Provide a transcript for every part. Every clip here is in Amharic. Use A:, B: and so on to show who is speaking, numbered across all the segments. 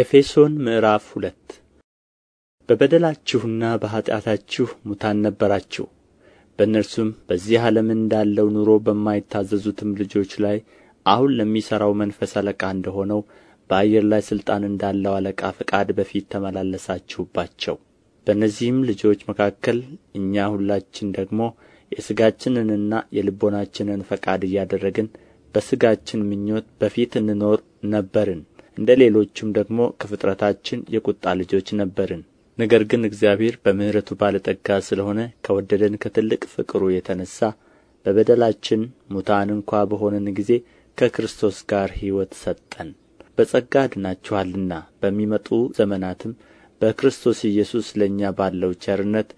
A: ኤፌሶን ምዕራፍ ሁለት በበደላችሁና በኃጢአታችሁ ሙታን ነበራችሁ በእነርሱም በዚህ ዓለም እንዳለው ኑሮ በማይታዘዙትም ልጆች ላይ አሁን ለሚሠራው መንፈስ አለቃ እንደሆነው በአየር ላይ ሥልጣን እንዳለው አለቃ ፈቃድ በፊት ተመላለሳችሁባቸው በእነዚህም ልጆች መካከል እኛ ሁላችን ደግሞ የሥጋችንንና የልቦናችንን ፈቃድ እያደረግን በሥጋችን ምኞት በፊት እንኖር ነበርን እንደ ሌሎቹም ደግሞ ከፍጥረታችን የቁጣ ልጆች ነበርን። ነገር ግን እግዚአብሔር በምሕረቱ ባለጠጋ ስለ ሆነ ከወደደን ከትልቅ ፍቅሩ የተነሣ በበደላችን ሙታን እንኳ በሆንን ጊዜ ከክርስቶስ ጋር ሕይወት ሰጠን። በጸጋ አድናችኋልና በሚመጡ ዘመናትም በክርስቶስ ኢየሱስ ለእኛ ባለው ቸርነት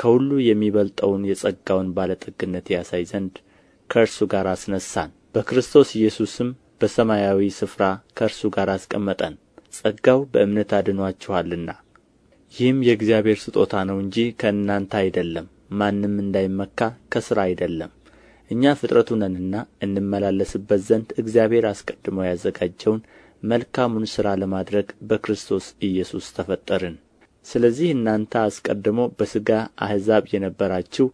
A: ከሁሉ የሚበልጠውን የጸጋውን ባለጠግነት ያሳይ ዘንድ ከእርሱ ጋር አስነሣን። በክርስቶስ ኢየሱስም በሰማያዊ ስፍራ ከእርሱ ጋር አስቀመጠን ጸጋው በእምነት አድኖአችኋልና ይህም የእግዚአብሔር ስጦታ ነው እንጂ ከእናንተ አይደለም ማንም እንዳይመካ ከሥራ አይደለም እኛ ፍጥረቱ ነንና እንመላለስበት ዘንድ እግዚአብሔር አስቀድሞ ያዘጋጀውን መልካሙን ሥራ ለማድረግ በክርስቶስ ኢየሱስ ተፈጠርን። ስለዚህ እናንተ አስቀድሞ በሥጋ አሕዛብ የነበራችሁ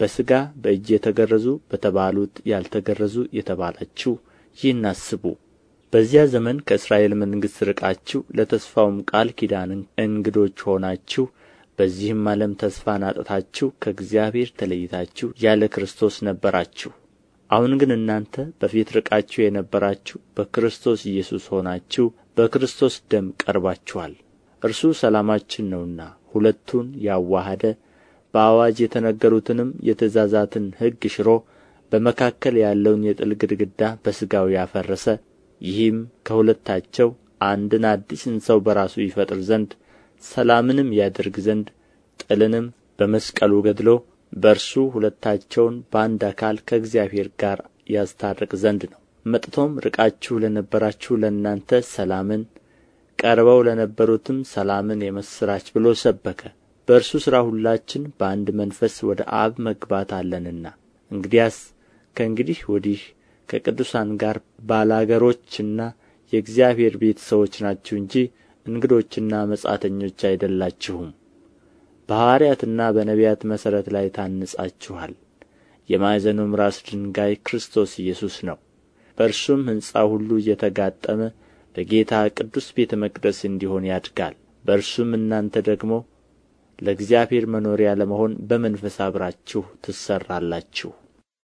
A: በሥጋ በእጅ የተገረዙ በተባሉት ያልተገረዙ የተባላችሁ ይህን አስቡ በዚያ ዘመን ከእስራኤል መንግሥት ርቃችሁ ለተስፋውም ቃል ኪዳን እንግዶች ሆናችሁ በዚህም ዓለም ተስፋን አጥታችሁ ከእግዚአብሔር ተለይታችሁ ያለ ክርስቶስ ነበራችሁ። አሁን ግን እናንተ በፊት ርቃችሁ የነበራችሁ በክርስቶስ ኢየሱስ ሆናችሁ በክርስቶስ ደም ቀርባችኋል። እርሱ ሰላማችን ነውና ሁለቱን ያዋሃደ በአዋጅ የተነገሩትንም የትእዛዛትን ሕግ ሽሮ በመካከል ያለውን የጥል ግድግዳ በሥጋው ያፈረሰ ይህም ከሁለታቸው አንድን አዲስን ሰው በራሱ ይፈጥር ዘንድ ሰላምንም ያደርግ ዘንድ ጥልንም በመስቀሉ ገድሎ በእርሱ ሁለታቸውን በአንድ አካል ከእግዚአብሔር ጋር ያስታርቅ ዘንድ ነው። መጥቶም ርቃችሁ ለነበራችሁ ለእናንተ ሰላምን፣ ቀርበው ለነበሩትም ሰላምን የመስራች ብሎ ሰበከ። በእርሱ ሥራ ሁላችን በአንድ መንፈስ ወደ አብ መግባት አለንና እንግዲያስ ከእንግዲህ ወዲህ ከቅዱሳን ጋር ባላገሮችና የእግዚአብሔር ቤት ሰዎች ናችሁ እንጂ እንግዶችና መጻተኞች አይደላችሁም በሐዋርያትና በነቢያት መሠረት ላይ ታንጻችኋል የማዕዘኑም ራስ ድንጋይ ክርስቶስ ኢየሱስ ነው በእርሱም ሕንፃ ሁሉ እየተጋጠመ በጌታ ቅዱስ ቤተ መቅደስ እንዲሆን ያድጋል በእርሱም እናንተ ደግሞ ለእግዚአብሔር መኖሪያ ለመሆን በመንፈስ አብራችሁ ትሠራላችሁ